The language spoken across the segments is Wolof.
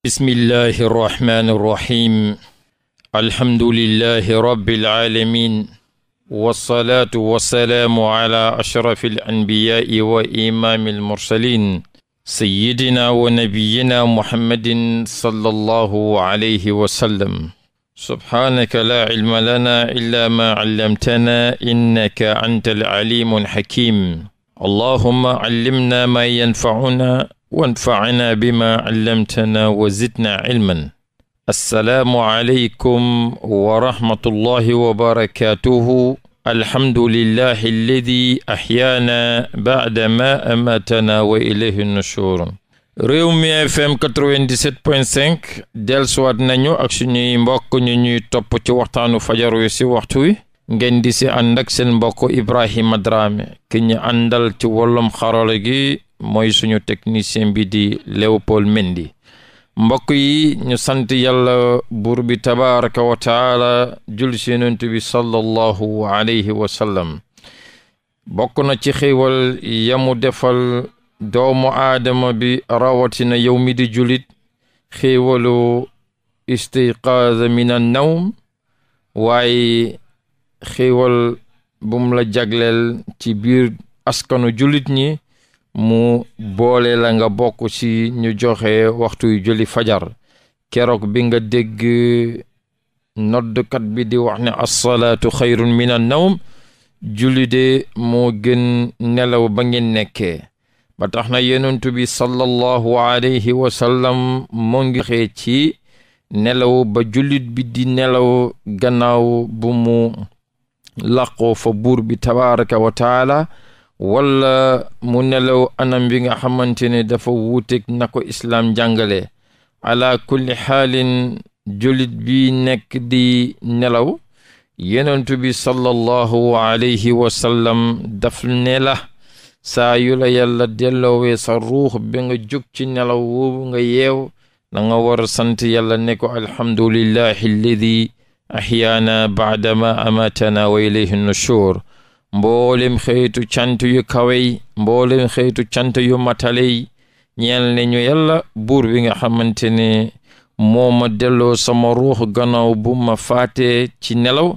bismillahi irrahmani irrahim alhamdulilahi rabiilalamin walsalaatu wassalaamu ala ashrafi alanbiyaai wa imaami almursalin sayidina wa nabiyina muhammadin sallallahu alayhi wa sallam subhaanaka laa cilma lana illa maa callamtana innaka anta alcalimu alxakim allahumma allimna ma yanfa'una wanfa'na bima allamtana wa zidna ilman assalaamu aleykum wa rahmatullahi wa barakatuhu alhamdulillahi alladi ahyaana ba'da ma amatana wa ilayhi nushur réew mi fm 97.5 dellusiwaat nañu ak suñuy mbokk ñu ñuy topp ci waxtaanu fajar wi si waxtu wi ngeen di si ànd seen mbokk Ibrahima Dramé ki ñu àndal ci wàllum xarala gi mooy suñu technicien bi di Léopold Mendy mbokk yi ñu sant yàlla buur bi tabaraka wa jul si yonent bi sallallahu alayhi wa sallam bokk na ci xéewal yamu defal doomu aadama bi rawatina yow mi di julit xéewalu istiqaaz min an nawm waaye xiiwal bum la jagleel ci biir askanu julit ñi mu boole nga bokk ci ñu joxe waxtuy julli fajar keroog bi nga dégg noddkat bi di wax ne assalaatu xayrun min an nawm julli de gën nelaw ba ngeen nekkee ba tax na yenentu bi sallallahu alayhi wa sallam moo ngi xee ci nelaw ba julit bi di nelaw gannaaw bu mu làqoo fa buur bi tabaraka wa mu nelaw anam bi nga xamante ne dafa wuuteeg nako ko islaam jàngale ala kulli xaalin jullit bi nekk di nelaw yenentu bi sallallahu alayhi wa daf nela la saa yu la yàlla delloowee sa ruux bi nga jóg ci nelaw woobu nga yeew da war a sant yàlla ne alhamdulillahi alladi ahyaana baadama amatana wa ilayhi nushur mboolem xeetu cant yu kawey mboolem xeetu cant yu mataley ñeel ne ñu yàlla buur bi nga xamante ne moo ma delloo sama ruux gannaaw bu ma faate ci nelaw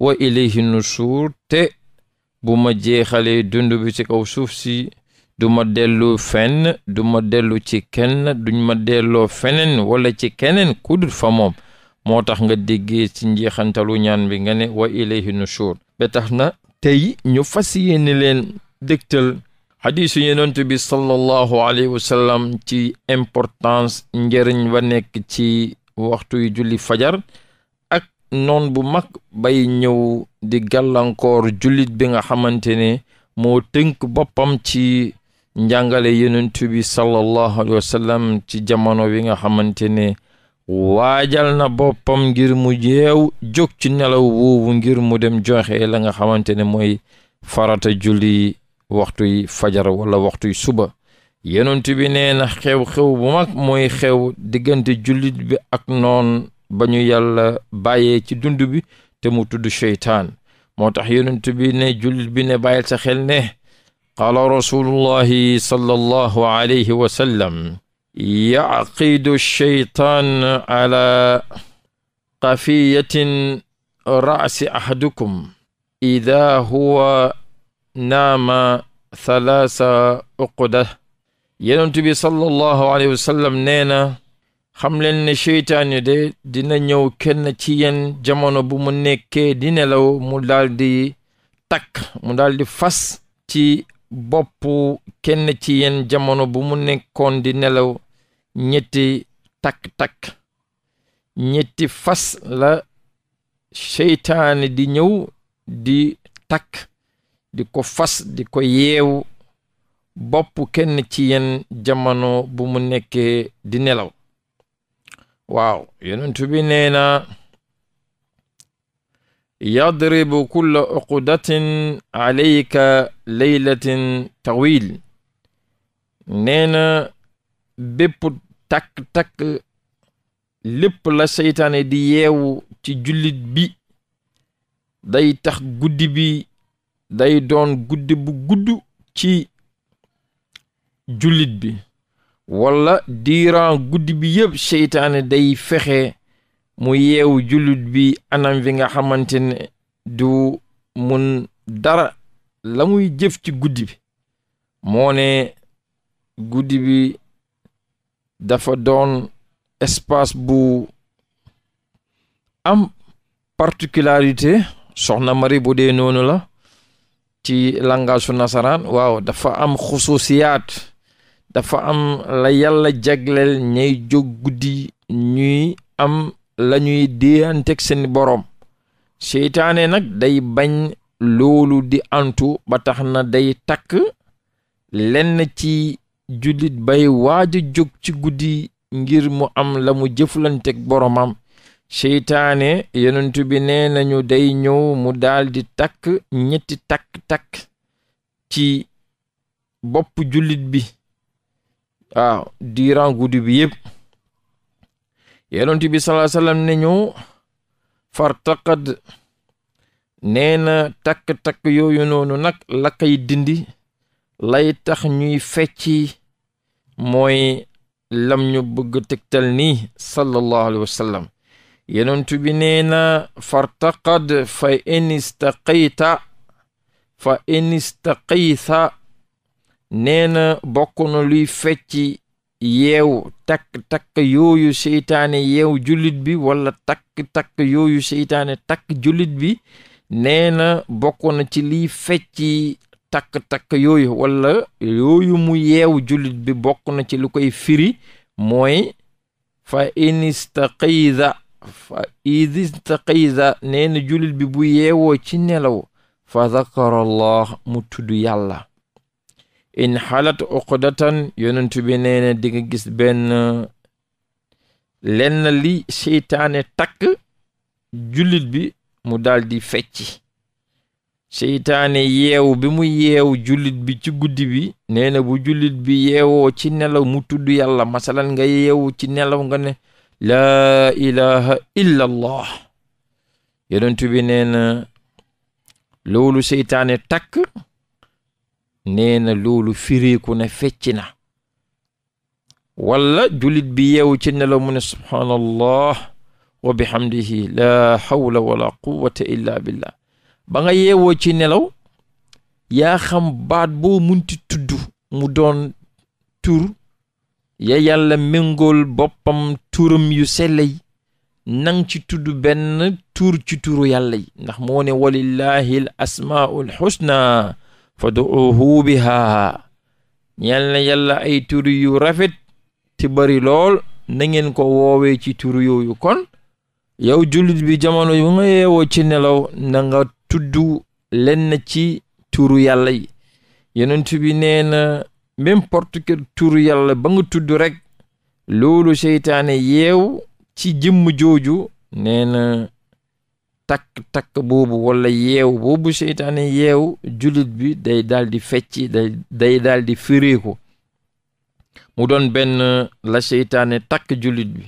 wa ilayhi nushur te bu ma jeexalee dund bi ci kaw suuf si du ma dellu fenn du ma dellu ci kenn duñ ma delloo feneen wala ci keneen kudul fa moom moo tax nga déggee ci njeexantalu ñaan bi nga ne wa ilayhi nushur ba tax na tey ñu fas yéene leen dégtal xadiisu yonent bi sallallahu alayhi wa sallam ci importance njëriñ ba nekk ci waxtu yu julli fajar ak noon bu mag bay ñëw di gàllankoor jullit bi nga xamante ne moo tënk boppam ci njàngale yonent bi sallallahu alayhi wa ci jamono bi nga xamante ne waajal na boppam ngir mu yeew jóg ci nelaw woowu ngir mu dem joxe la nga xamante ne mooy farata julli waxtuy fajar wala waxtuy suba yonent bi nee na xew-xew bu mag mooy xew diggante jullit bi ak noon ba ñu yàlla bàyyee ci dund bi te mu tudd seytaan moo tax yonent bi ne jullit bi ne bàyyil sa xel ne qaala rasulullahi sallallahu alayhi wa yacqidu sheytaan ala qafiyatin ra'si ahadukum ida huwa naama thalaasa uquda yenentu bi sallallahu alayhi wasallam nee na xam leen ne cheytaan yi de dina ñëw kenn ci yeen jamono bu mu nekkee di nelaw mu daal di takk mu daal fas ci boppu kenn ci yéen jamono bu mu nekkoon di nelaw ñetti takk-takk ñetti fas la seytaane di ñëw di takk di ko fas di ko yeew bopp kenn ci yéen jamono bu mu nekkee di nelaw waaw yonentu bi yadribu kulla uqudatin alayka laylatin tawil nee na bépp takk-takk lépp la seytaane di yeewu ci jullit bi day tax guddi bi day doon guddi bu gudd ci jullit bi walla diiran guddi bi yëpp seytaane day fexe mu yeewu jullit bi anam bi nga xamante ne du mun dara la muy jëf ci guddi bi moone guddi bi dafa doon espace bu am particularité soxna mari bu dee noonu la ci langage nasaraan waaw dafa am xususiyaat dafa am la yàlla jagleel ñay jóg guddi ñuy am lañuy ñuy déyanteeg seen boroom seytaane nag day bañ loolu di antu ba tax na day takk lenn ci jullit bay waaj a jóg ci guddi ngir mu am la mu jëflanteeg boroomam seytaane yonent bi ne nañu day ñëw mu daldi takk ñetti takk-takk ci bopp jullit bi waaw diiran guddi bi yépp yonent bi salaa sallam ne ñu fartaqad na takk-takk yooyu noonu nag la koy dindi lay tax ñuy fecci mooy lam ñu bëgg tegtal ni sallallahu alayhi wa sallam yonent bi nee na fartaqad fa in istaqayta fa in istaqayta nee na bokk na luy fecci yeew takk-takk yooyu seytaane yeew jullit bi walla takk-takk yooyu seytaane takk jullit bi nee na bokk na ci liy fecci takk-takk yooyu wala yooyu mu yeew jullit bi bokk na ci lu koy firi mooy fa inistaqida fa idistaqida nee jullit bi bu yeewoo ci nelaw fa zakara mu tudd yàlla in xalat uqdatan yonentu bi nee dinga gis ben lenn li seytaane takk jullit bi mu daldi fecci seytaane yeewu bi mu yeewu jullit bi ci guddi bi nee na bu jullit bi yeewoo ci nelaw mu tudd yàlla masalan nga yeewu ci nelaw nga ne laa ilaha illa allah yonentu bi nee seytaane takk nee na loolu firiiku ne fecc na walla julit bi yeewu ci nelaw mu ne subhaanallah wa bihamdihi laa hawla wala quwwata illa billah ba nga yeewoo ci nelaw yaa xam baat boo munti tudd mu doon tur ya yàlla méngool boppam tuuram yu sell nang ci tudd benn tuur ci turu yàlla yi ndax moo ne walillahi l asmaul xusna fad'uuhu bihaa ñeel na yàlla ay turu yu rafet ci bari lool na ngeen ko woowee ci turu yooyu kon yow jullit bi jamono yu nga yeewoo ci nelaw nanga tuddu tudd lenn ci turu yàlla yi yonent bi nee na n'importe quel turu yàlla ba nga tudd rekk loolu seytaane yeew ci jëmm jooju nee takk-takk boobu wala yeew boobu seytaane yeew julit bi day daldi di fecci day daldi daal fireeku mu doon benn la seytaane takk julit bi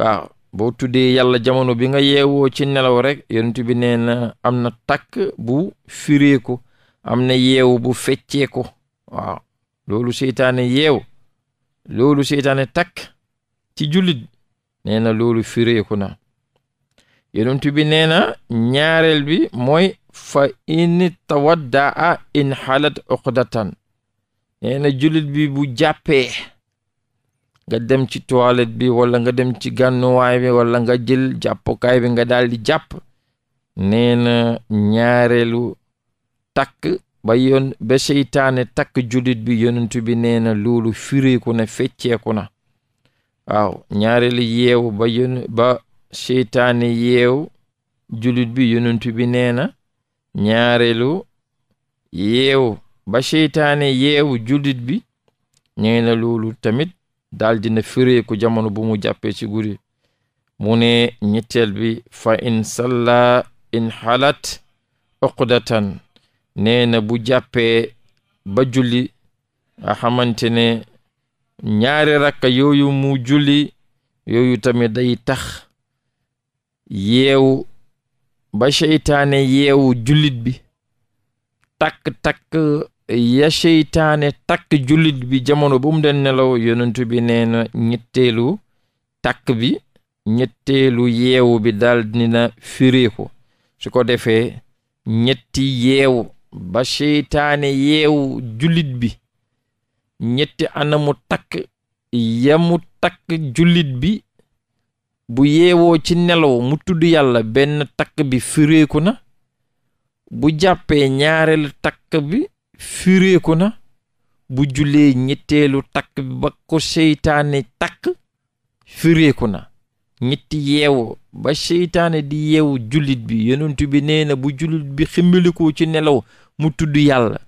waaw boo tuddee yàlla jamono bi nga yeewoo ci nelaw rekk yonent bi nee na am na takk bu fireeku am na yeew bu fecceeku waaw loolu seytaane yeew loolu seytaane takk ci julit nee loolu fireeku na yonent bi nee na ñaareel bi mooy fa in tawaddaa in xalat uqdatan bi bu jàppee nga dem ci toilette bi wala nga dem ci gànnuwaay bi wala nga jël jàppukaay bi nga daal di jàpp nee ñaareelu takk ba yoon ba seytaane takk jullit bi yonent bi nee na loolu firiku na na waaw ñaareelu yeewu ba seytaane yeew julit bi yonent bi nee na ñaareelu ba seytaane yeew julit bi ñee na loolu tamit daal dina fireeku jamono bu mu jàppee ci guddi mu ne ñetteel bi fa in salla in xalat uqdatan nee na bu jàppee ba julli a xamante ne ñaari rakka mu julli yooyu tamit day tax yeewu ba seytaane yeewu jullit bi takk-takk ya seytaane takk jullit bi jamono bu mu den nelaw yonentu bi nee na ñetteelu takk bi ñetteelu yeewu bi daal dina fireeku su ko defee ñetti yeewu ba seytaane yeewu jullit bi ñetti anamu takk yamu takk jullit bi bu yeewoo ci nelaw mu tudd yàlla benn takk bi fireeku na bu jàppee ñaareelu takk bi fireeku na bu jullee ñetteelu takk bi ba ko seytaane takk fireeku na ñetti yeewu ba seytaane di yeewu jullit bi yonent bi nee bu jullit bi ximmilikoo ci nelaw mu tudd yàlla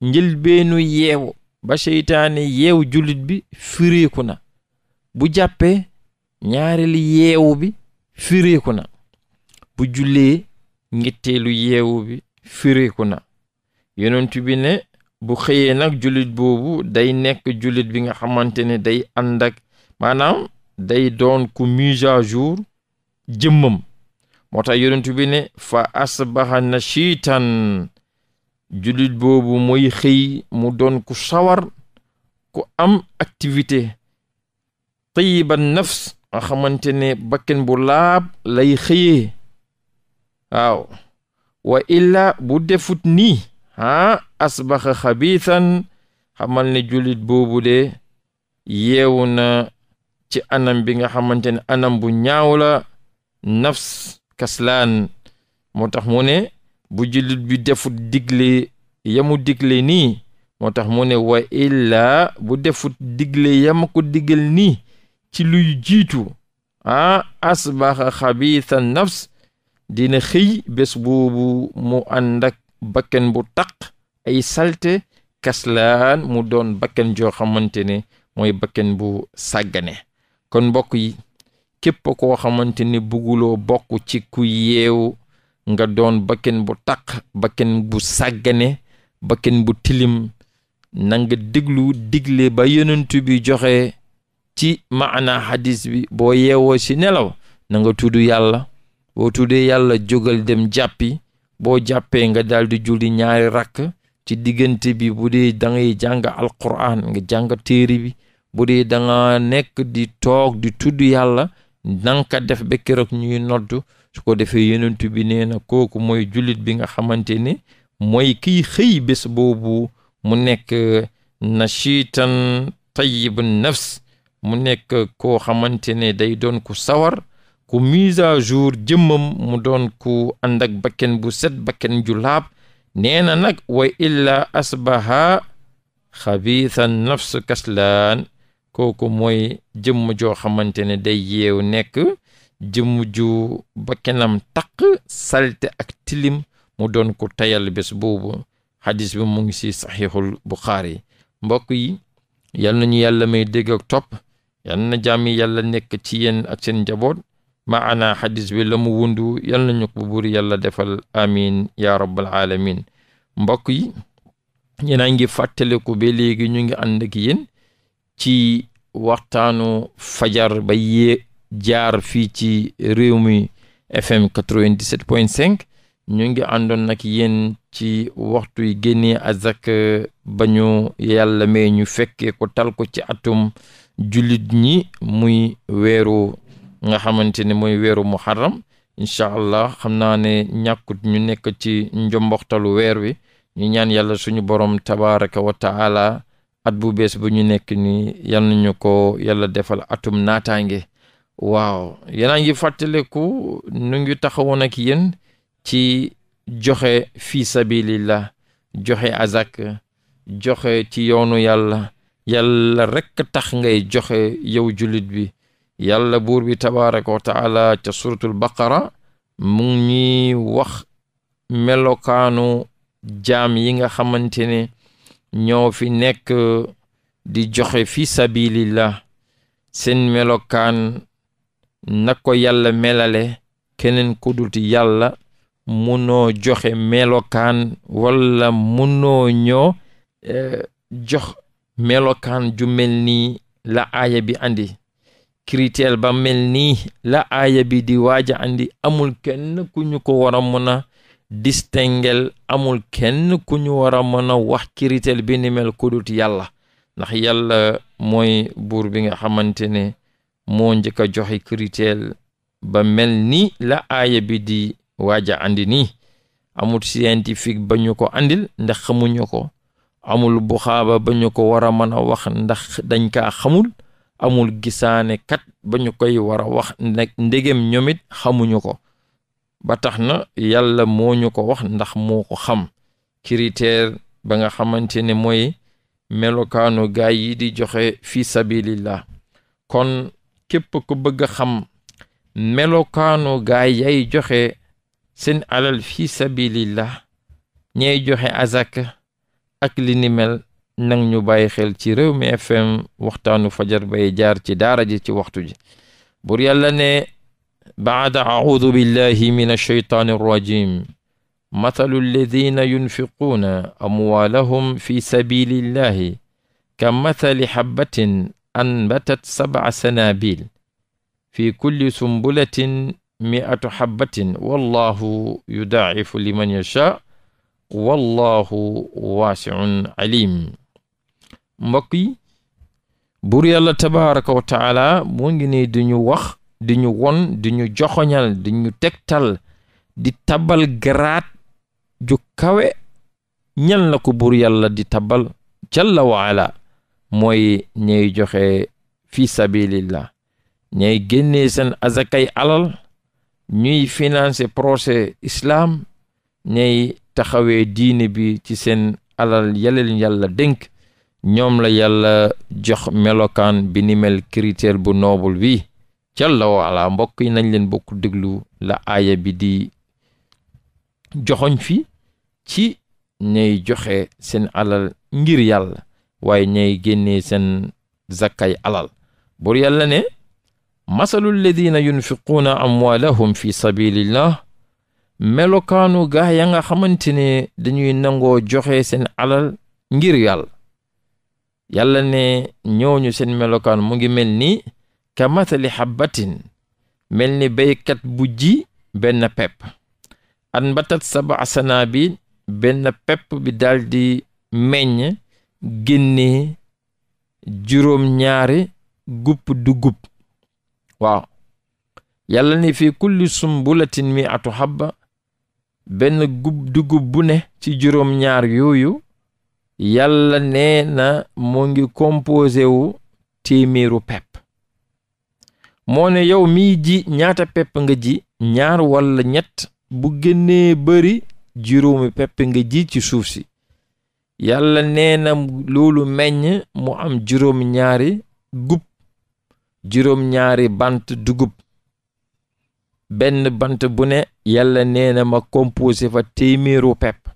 njëlbeenu yeewu ba seytaane yeewu jullit bi fireeku na bu jàppee ñaareelu yeewu bi fireeku na bu jullee ñetteelu yeewu bi fireeku na yonent bi ne bu xëyee nag jullit boobu day nekk jullit bi nga xamante ne day ànd maanaam day doon ku mise à jour jëmmam moo tax yonent bi ne fa asbaha nashitan jullit boobu mooy xëy mu doon ku sawar ku am activité tayiban nafs nga xamante ne bakken bu laab lay xëyee waaw wa illa bu defut nii ah asbaxa xabiitan xamal ne jullit boobu de yeewu na ci anam bi nga xamante ne anam bu ñaaw la nafs kaslaan moo tax mu ne bu jullit bi defut digle yamu digle nii moo tax mu ne wa illa bu defut digle yama ko digal nii ci luy jiitu ah asbaxa xabiitha nafs dina xëy bés boobu mu ànd ak bakken bu taq ay salte kaslaan mu doon bakken joo xamante ne mooy bakken bu sàggane kon mbokk yi képp koo xamante ne bugguloo bokk ci ku yeewu nga doon bakken bu taq bakken bu sàggane bakken bu tilim nanga diglu digle ba yonent bi joxe ci maana hadis bi boo yeewoo ci nelaw nanga nga tudd yàlla boo tuddee yàlla jógal dem jàppi boo jàppee nga daldi julli ñaari rakk ci diggante bi bu dee da ngay jàng alquran nga jàng téere bi bu dee da nga nekk di toog di tudd yàlla na nga def ba keroog ñuy noddu su ko defee yonent bi nee na kooku mooy julit bi nga xamante ne mooy kiy xëy bés boobu mu nekk nachitan tayyibun nafs mu nekk koo xamante ne day doon ku sawar ku mise à jour jëmmam mu doon ku ànd ak bakken bu set bakken ju laab nee na nag wa illa asbaha xabiithan nafs kaslaan kooku mooy jëmm joo xamante ne day yeew nekk jëmm ju bakkenam taq salte ak tilim mu doon ko tayal bés boobu xadis bi mu ngi ci saxiixul buxaari mbokk yi yal nañu yàlla may dégg topp yal na jàmm yàlla nekk ci yéen ak seen njaboot maana xadis bi la mu wundu yal nañu ko buur yàlla defal amin ya rabbal alamin mbokk yi ñenaa ngi fàttaliku ba léegi ñu ngi ànd yéen ci waxtaanu fajar ba yee jaar fii ci réew mi fm 97.5 ñu ngi àndoon nag yéen ci waxtu yi génnee azak ba ñu yàlla may ñu fekkee ko tal ko ci atum jullit ñi muy weeru nga xamante ne mooy weeru muharram incha allah xam naa ne ñàkkut ñu nekk ci njomboxtalu weer wi ñu ñaan yàlla suñu borom tabaraka wa taala at bu bees bu ñu nekk ni yal nañu ko yàlla defal atum naataange waaw yéen ngi fàttaleku nu ngi taxawoon ak ci joxe fii sabilillah joxe azak joxe ci yoonu yàlla yàlla rekk tax ngay joxe yow jullit bi yàlla buur bi tabaraka wa taala ca suratul baqara mu ngi wax melokaanu jaam yi nga xamante ne ñoo fi nekk di joxe fi sabilillah seen melokaan na ko yàlla melale keneen ku dul yàlla munoo joxe melokaan wala munoo ñoo eh, jox melokaan ju mel nii la aaya bi andi critère ba mel nii la aaya bi di waaja andi amul kenn ku ñu ko war a mën a distinguer amul kenn ku ñu war a mën a wax critère bi ni mel ku dut yàlla ndax yàlla mooy buur bi nga xamante ne moo njëkk a joxe critère ba mel ni la aaya bi di waaja andi nii amul scientifique ba ñu ko andil ndax xamuñu ko amul buxaaba ba ñu ko war a mën a wax ndax dañ ka xamul amul gisaane kat ba ñu koy war a wax nag ndegem ñoom it xamuñu ko ba tax na yàlla moo ñu ko wax ndax moo ko xam critère ba nga xamante ne mooy melokaanu gaay yi di joxe fi sabilillah kon képp ku bëgg a xam melokaanu gaay yay joxe seen alal fi sabilillah ñay joxe azak ak li ni ñu bàyyi xel ci réew mi fm waxtaanu fajar bay jaar ci daara ji ci waxtu ji bur yàlla ne baada audu billahi min alsheytaan arrajim mathalu alladina yunfiquuna amwaalahum fi sabilillahi ka mathali xabbatin anbatat sabca fi kulli sumbulatin miatu xabbatin wallahu yudaacifu liman yashaa wallahu waasiun alim mbokk yi buur yàlla tabaraka wa taala mu ngi ni di ñu wax di ñu won di ñu joxoñal di ñu tegtal di tabal garaat ju kawe ñan la ko buur yàlla di tabal jalla wa ala mooy ñey joxe fi sabilillah ñey génnee seen azakay alal ñuy financer projet islam ñey taxawee diine bi ci seen alal yaleen yàlla dénk ñoom la yàlla jox melokaan bi ni mel critère bu noobul bi càlla wala mbokk yi nañ leen bokk déglu la aaya bi di joxoñ fi ci ñay joxe seen alal ngir yàlla waaye ñay génne seen zakkay alal bur yàlla ne masalul ladina yunfiquuna amwaalahum fi sabilillah melokaanu gaa ya nga xamante ne dañuy nangoo joxe seen alal ngir yàlla yàlla ne ñooñu seen melokaan mu ngi mel ni ka matali mel ni béykat bu ji benn pepp an batat saba asana bi benn pepp bi daldi meññ génne juróom ñaari gupp du gupp waaw yàlla ne fii kulli sumbulatin mi atu habba benn gub dugub bu ne ci juróom ñaar yooyu yàlla nee na mu ngi composé téeméeru pepp moo ne yow mi ji ñaata pepp nga ji ñaar walla ñett bu gënee bari juróomi pepp nga ji ci suuf si yàlla nee na loolu meññ mu am juróom ñaari gub juróom ñaari bant dugub benn bant bu ne yàlla nee na ma composé fa téeméeru pepp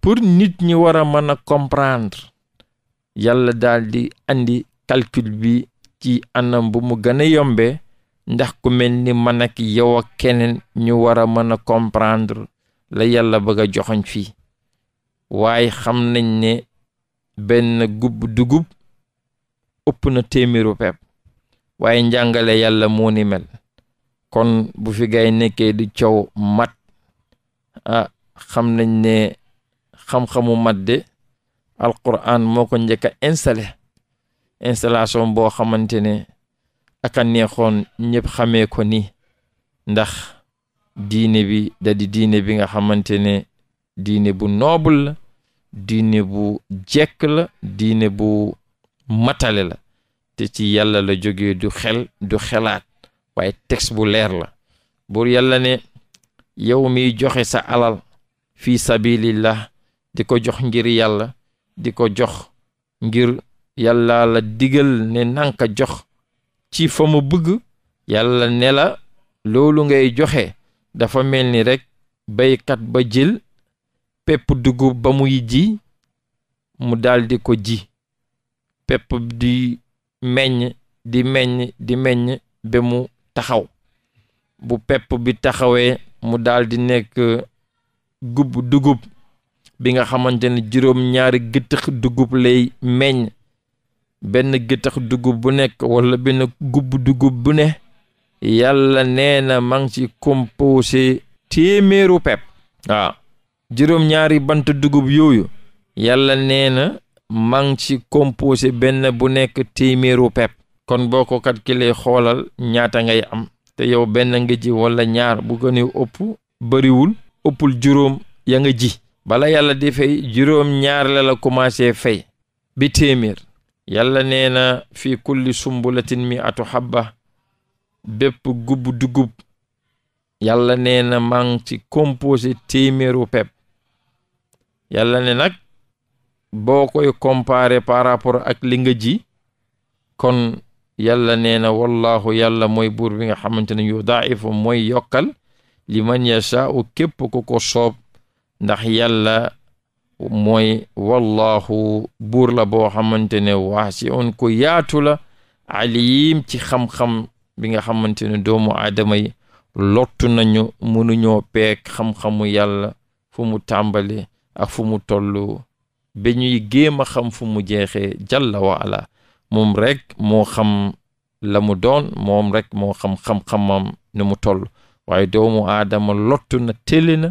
pour nit ñi war a mën a comprendre yàlla daal di andi bi ci anam bu mu gën a yombee ndax ku mel ni mën ak yow ak keneen ñu war a mën a comprendre la yàlla bëgg a joxoñ fii waaye xam nañ ne benn gubb dugub ëpp na téeméeru pepp waaye njàngale yàlla moo ni mel kon bu fi gaay nekkee di coow mat a ah, xam nañ ne xam-xamu mat de alquran moo ko njëkk a installé installation boo xamante ne aka neexoon ñëpp xamee ko ni ndax diine bi da diine bi nga xamante ne diine bu noble la diine bu jekk la diine bu matale la te ci yàlla la jógee du xel du xelaat waaye texte bu leer la buur yàlla ne yow miy joxe sa alal fii sabilillah di ko jox ngir yàlla di ko jox ngir yàlla la digal ne nanka jox ci fa mu bëgg yàlla ne la loolu ngay joxe dafa mel ni rekk béykat ba jël pepp dugub ba muy ji mu daldi ko ji pepp di meññ di meññ di meññ ba mu taxaw bu pepp bi taxawee mu daal di nekk gub dugub bi nga xamante ne juróom ñaari gëtëx dugub lay meñ benn gëtëx dugub bu nekk wala benn gubb dugub bu ne yàlla nee na ma ngi ci composé téeméeru pepp waaw juróom ñaari bant dugub yooyu yàlla nee na ma ci composé benn bu nekk téeméeru pepp kon boo ko calculer xoolal ñaata ngay am te yow benn nga ji wala ñaar bu gën a ëpp bëriwul ëppul juróom ya nga ji bala yàlla di fay juróom ñaar la la commencé fay bi téeméer yàlla neena fi fii kulli sumbulatin mi atu xabba bépp gubb dugub yàlla neena na maa ngi ci composé téeméeru pepp yàlla ne nag boo ko comparé par rapport ak li nga ji kon yàlla nee na wallaahu yàlla mooy buur bi nga xamante ne yu daifu mooy yokkal li man yashaau képp ku ko soob ndax yàlla mooy wallaahu buur la boo xamante ne waasi on ku yaatu la aliim ci xam-xam bi nga xamante ne doomu aadama yi lottu nañu mënuñoo peek xam-xamu yàlla fu mu tàmbale ak fu mu toll ba ñuy géem a xam fu mu jeexee jalla wa moom rek moo xam la mu doon moom rekk moo xam xam-xamam ni mu toll waaye doomu aadama lottu na télli na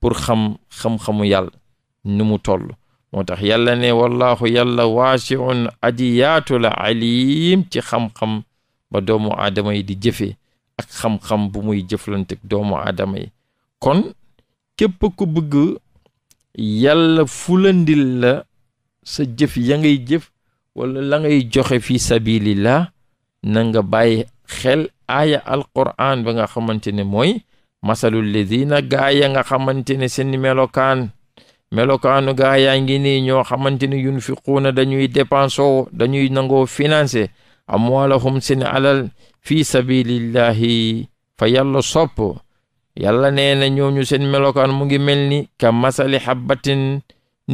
pour xam xam-xamu yàlla ni mu toll moo tax yàlla ne wallaahu yàlla waasiun aji yaatu la alim ci xam-xam ba doomu aadama yi di jëfee ak xam-xam bu muy jëflanteeg doomu aadama yi kon képp ku bëgg yàlla fulandil sa jëf ya ngay jëf wala langay ngay joxe fi sabilillah na nga bàyyi xel aaya alquran ba nga xamante ne mooy masalul ladina gaa ya nga xamante ne seen melokaan melokaanu gaa yaa ngi nii ñoo xamante ne yunfiquuna dañuy dépensoo dañuy nangoo financé amwaalahum seen alal fi sabilillahi fa yàlla sopp yàlla nee na ñooñu seen melokaan mu ngi mel ni ka masali habbatin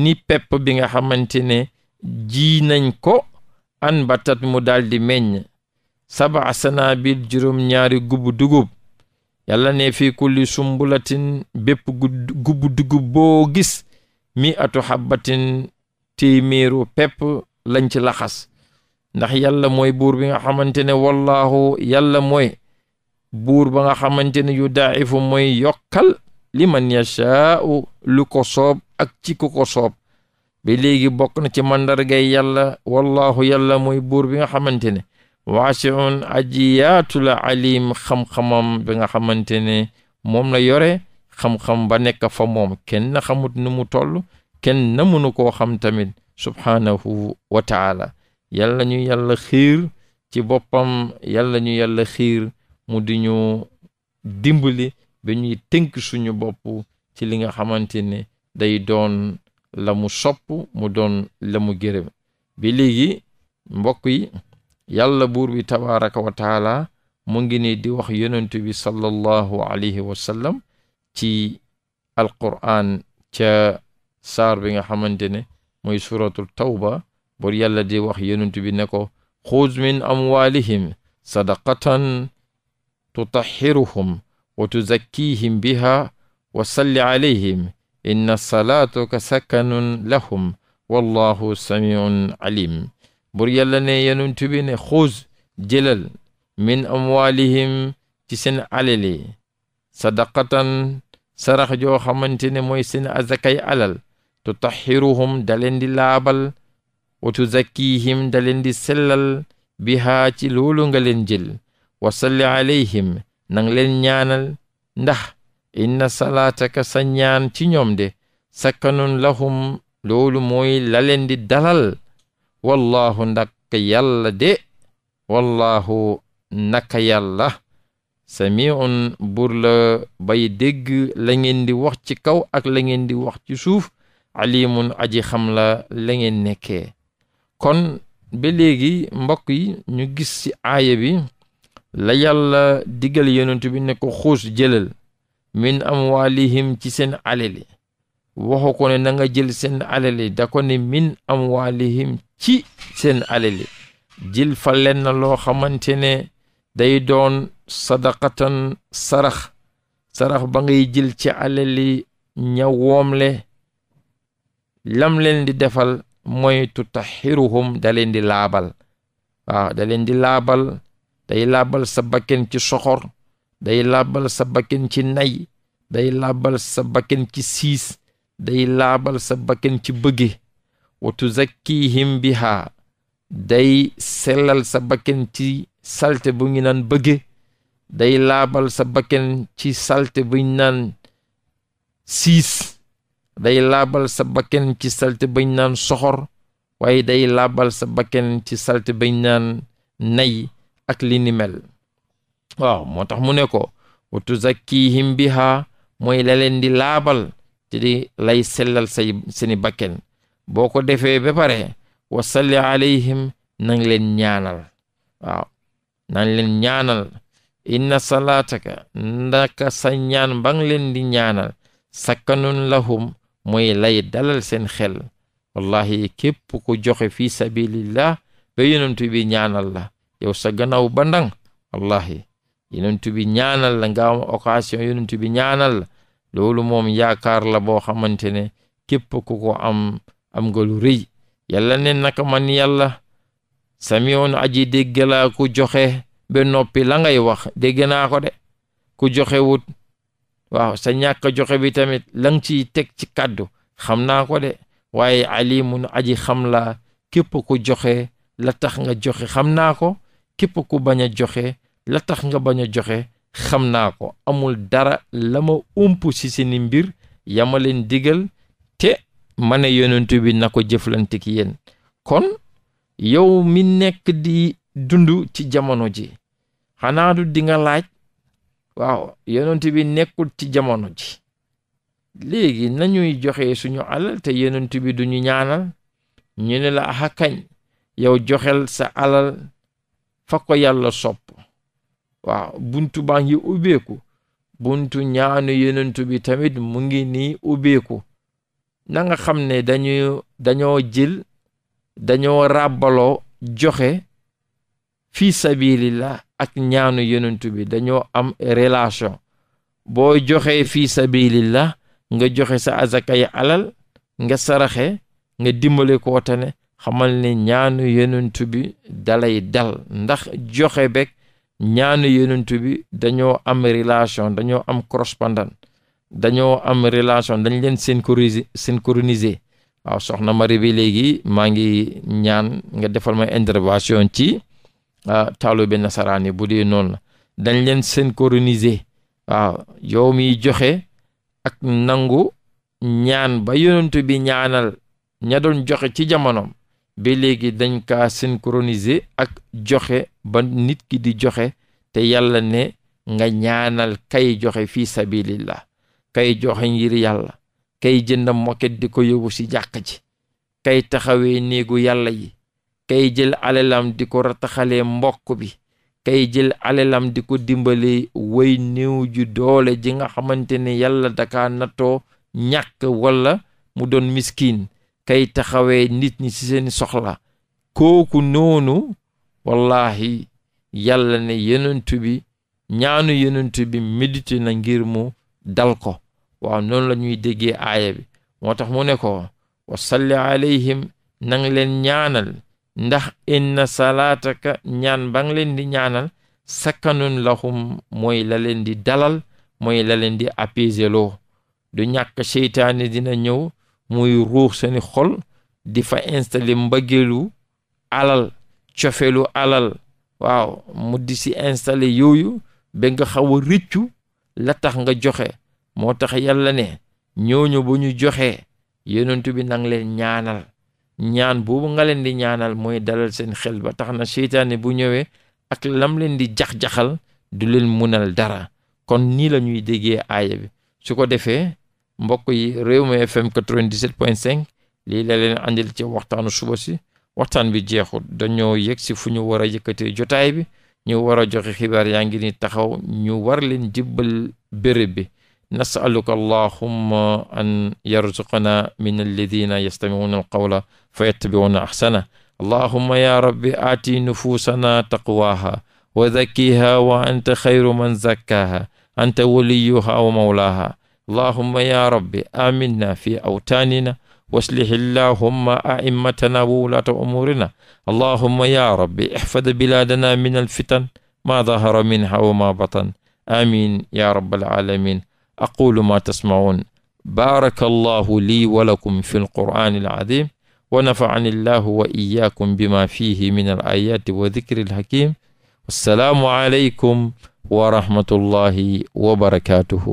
ni pepp bi nga xamante ne ji nañ ko an batat mu daldi meññ saba sanaabil juróom ñaari gubu dugub yàlla ne fii kulli sumbulatin bépp gubu dugub boo gis mi atu xabbatin téeméeru pepp lañ ci laxas ndax yàlla mooy buur bi nga xamante ne wallaahu yalla mooy buur ba nga xamante ne yu daa'ifu yokkal liman yashaa'u lu ko soob ak ci ko soob ba léegi bokk na ci mandargay yàlla wallaahu yàlla mooy buur bi nga xamante ne waasiun aji yaatu la alim xam-xamam bi nga xamante ne moom la yore xam-xam ba nekk fa moom kenn xamut nu mu toll kenn na mënu koo xam tamit subhaanahu wa taala yàlla ñu yàlla xiir ci boppam yàlla ñu yàlla xiir mu di ñu dimbali ba ñuy tënk suñu bopp ci li nga xamante day doon lamu mu sopp mu doon lamu mu bi léegi mbokk yi yàlla buur bi tabaraka wa taala mu ngi ni di wax yonentu bi sallallahu alayhi wa ci alquran ca saar bi nga xamante ne mooy suratul tawba bur yàlla di wax yonentu bi ne ko xuz min amwalihim sadaqatan tutahhiruhum wa tuzakkihim biha wa salli inna salaatuka sakkanun lahum wallahu samiun alim bur yàlla ne yonent bi ne xuus jëlal min amwaalihim ci seen alali sadaqatan sarax joo xamante ne mooy seen azakay alal tutahhiruhum da leen di laabal wa tuzakkihim da leen di sellal bihaa ci loolu nga leen jël wa salli alayhim nang leen ndax inna salaataka sa ci ñoom de sakkanun lahum loolu mooy la leen di dalal wallaahu ndaka yàlla de wallaahu naka yàlla samiun bur la bay dégg la ngeen di wax ci kaw ak la ngeen di wax ci suuf alimun aji xam la la ngeen nekkee kon ba léegi mbokk yi ñu gis ci aaya bi la yàlla digal yonent bi ne ko xuus jëlal min amwaalihim ci seen alali waxu ko ne na nga jël seen alali da ko ne min amwaalihim ci seen alali jil fa len loo xamante ne day doon sadaqatan sarax sarax ba ngay jil ci alali ña woomle lam leen di defal mooy tutahiruhum da leen di laabal waaw da leen di laabal day laabal sa bakken ci soxor day laabal sa bakkan ci nay day laabal sa bakkan ci siis day laabal sa bakkan ci bëgge wa bi biha day sellal sa bakken ci salte bu ngi naan bëgge day laabal sa bakkan ci salte buñ naan siis day laabal sa bakken ci salte bañ naan soxor waaye day laabal sa bakken ci salte bañ naan nay ak li ni mel waaw moo tax mu ne ko wa tuzakkihim biha mooy la leen di laabal te lay sellal say seeni bakken boo ko defee ba pare wa salli alayhim nang leen ñaanal waaw nang leen ñaanal inna salaataka ndaka sa ñaan ba nga leen di ñaanal sakkanun lahum moy lay dalal seen xel wallahi képp ko joxe fi sabilillah ba yonent bi ñaanal la yow sa gannaaw bandang wallahi yonent bi ñaanal la nga am occasion yonent bi ñaanal la loolu moom yaakaar la boo xamante ne képp ku ko am am nga lu rëy yàlla ne naka man yàlla samiyoon aji dégg laa joxe ba noppi la ngay wax dégg naa ko de ku joxe wut waaw sa ñàkk joxe bi tamit la nga ciy teg ci kàddu xam naa ko de waaye alimun aji xam laa képp ku joxe la nga joxe xam naa ko képp ku bañ joxe la tax nga bañ a joxe xam naa ko amul dara la ma ump ci seeni mbir yama leen digal te ma ne yonent bi na ko jëflante ki yéen kon yow mi nekk di dund ci jamono ji xanaa du di laaj waaw yonent bi nekkul ci jamono ji léegi nañuy joxe suñu alal te yonent bi duñu ñaanal ñu ne la axakañ yow joxel sa alal fa ko yàlla sopp waaw buntu baa ngi ubbeeku buntu ñaanu yenentu bi tamit mu ngi nii ubbeeku nanga xam ne dañu dañoo jël dañoo ràbbaloo joxe fii la ak ñaanu yenentu bi dañoo am relation boo joxee fii la nga joxe sa asaka yi alal nga saraxe nga dimbale kootane xamal ne ñaanu yenentu bi dalay dal ndax joxe bek ñaanu yonentu bi dañoo am relation dañoo am correspondant dañoo am relation dañ leen synchroniser synchroniser waaw soxna mari bi léegi maa ngi ñaan nga defal ma intervention ci ah, taalibe nasaraan yi bu dee noonu la dañ leen synchroniser waaw yow miy joxe ak nangu ñaan ba yonentu bi ñaanal ña doon joxe ci jamonoom bi léegi dañ kaa synchroniser ak joxe ba nit ki di joxe te yàlla ne nga ñaanal kay joxe fii sabilillah kay joxe ngir yàlla kay jënd moket di ko yóbbu ci jàq ji kay taxawee néegu yàlla yi kay jël alalam di ko rataxalee mbokk bi kay jël alalam di ko dimbale woy néew ju doole ji nga xamante ne yàlla dakaa nattoo ñàkk walla mu doon miskin kay taxawee nit ñi ci seen soxla kooku noonu wallahi yàlla ne yenentu bi ñaanu yenentu bi médité na ngir mu dal ko waaw noonu la ñuy déggee aaya bi moo tax mu ne ko wa salli alayhim nang leen ñaanal ndax inna salaataka ñaan ba nga leen di ñaanal sakkanun lahum mooy la leen di dalal mooy la leen di apaiser du ñàkk seytaane dina ñëw muy ruux seeni xol di fa installer mbëggeelu alal cofeelu alal waaw mu di si installer yooyu ba nga xaw a rëccu la tax nga joxe moo tax yàlla ne ñooñu bu ñu joxee yonent bi nag leen ñaanal ñaan boobu nga leen di ñaanal mooy dalal seen xel ba tax na seytaane bu ñëwee ak lam leen di jax-jaxal du leen munal dara kon nii la ñuy déggee aaya bi su ko defee mbokk yi Rewmi FM 97.5 lii la leen andil ci waxtaanu suba si waxtaan bi jeexul dañoo yegg si fu ñu war a yëkkatee jotaay bi ñu war a joxe xibaar yaa ngi ni taxaw ñu war leen jibbal béréb bi nasaluka allahumma an yarzuqana min alladina yastamiuna alqawla fa yattabiuna ahsana allahumma ya rabbi aati nufusana taqwaha wa zakkiha wa anta xayru man zakkaha anta waliyuha wa allahumma ya rabbi aminna fi awtanina waslih allahumma aimmatana wa wulata umurina allahumma ya rabbi ihfad biladana min alfitan ma dahara minha wa ma batan amin ya rabbal alamin aqulu ma tasmaun baraka allahu lii wa lakum fi alqur'ani alazim wa nafa'ani allahu wa iyyakum bima fihi min alayati wa dhikri alhakim wassalaamu alaykum wa rahmatullahi wa barakatuhu